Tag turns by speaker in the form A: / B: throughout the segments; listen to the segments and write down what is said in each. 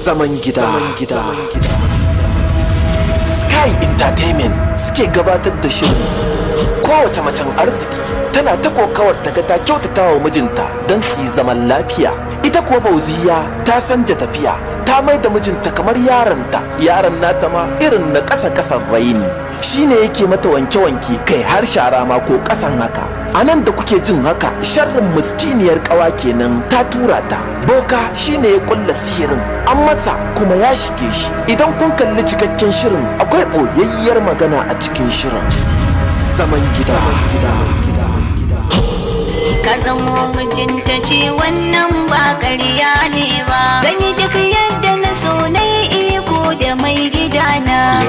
A: zaman gida sky entertainment suke gabatar da shirin kowace macen arziki tana ta kokawar ta ga ta kyautata wa mijinta don su yi zaman lafiya ita kuwa fauziya ta sanja tafiya ta mai da mijinta kamar yaronta yaron nata ma irin na ƙasa ƙasan raini shine yake mata wanke-wanke kai har shara ma ko ƙasan haka a nan da kuke jin haka sharrin muskiniyar ƙawa kenan ta tura ta boka shine ya ƙulla sihirin an masa kuma ya shige shi idan kun kalli cikakken shirin akwai ɓoyayyiyar magana a cikin shirin zaman gida
B: ka zamo mijinta ce wannan ba ƙarya ne ba zan duk yadda na so na iko da mai gida na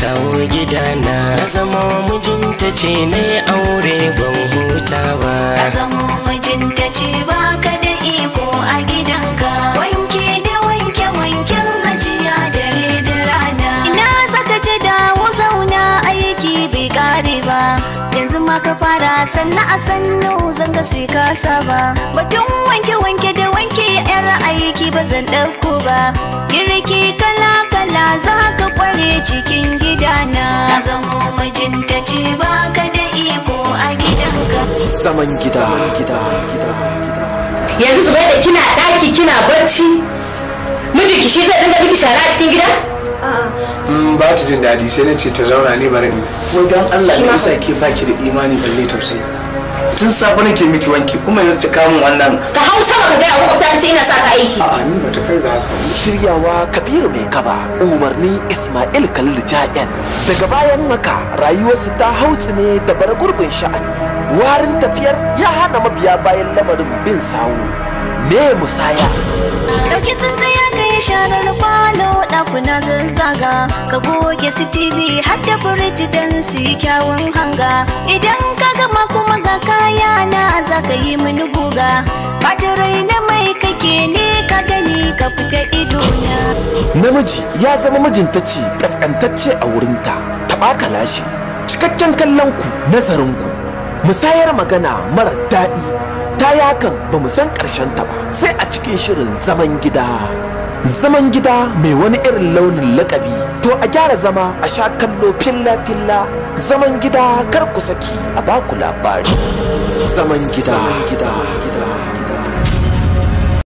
B: kawo gidana na zama mijinta ce na aure ban huta ba na zama mijinta ce ba ka da iko a gidanka wanke da wanke wanken ajiya dare da rana ina saka ji dawo zauna aiki bai kare ba yanzu ma ka fara sannan a sannu ga sai ka saba batun wanke wanke da wanke yar aiki ba zan ɗauko ba girki kala na za ka kware cikin gidana na zamo mijinta ce ba ka da iko a gidanka
A: zaman gida gida gida yanzu zubai da kina daki kina
B: bacci mijinki shi zai dinga miki shara a cikin gida
A: mm, ba ta jin daɗi sai na ce ta zauna ne bari ne. wai don Allah ne yasa ke baki da imani balle tausayi tun safe ke miki wanki kuma yanzu ta kamun wannan ka hausa ba ka gaya wa ta ce ina sa ka aiki a ni ba ta kai da shiryawa kabiru mai kaba umarni ismail khalil ja'en daga bayan haka rayuwarsu ta hautsi ne da gurbin sha'ani warin tafiyar ya hana mabiya bayan lamarin bin sawu me musaya
B: dauki tsintsiya ka yi sharar falo dakuna zan zaga ka goge su tv har da firiji don su yi kyawun hanga idan ka ka yi mini buga bacin rai na mai kake ne ka gani ka fita ido na
A: namiji ya zama mijinta ce kaskantacce a wurinta ta baka lashe cikakken kallon ku nazarin ku musayar magana mara daɗi ta yakan ba mu san ƙarshen ta ba sai a cikin shirin zaman gida zaman gida mai wani irin launin lakabi a gyara zama a sha kallo filla filla zaman gida kar ku saki a baku labari zaman gida gida gida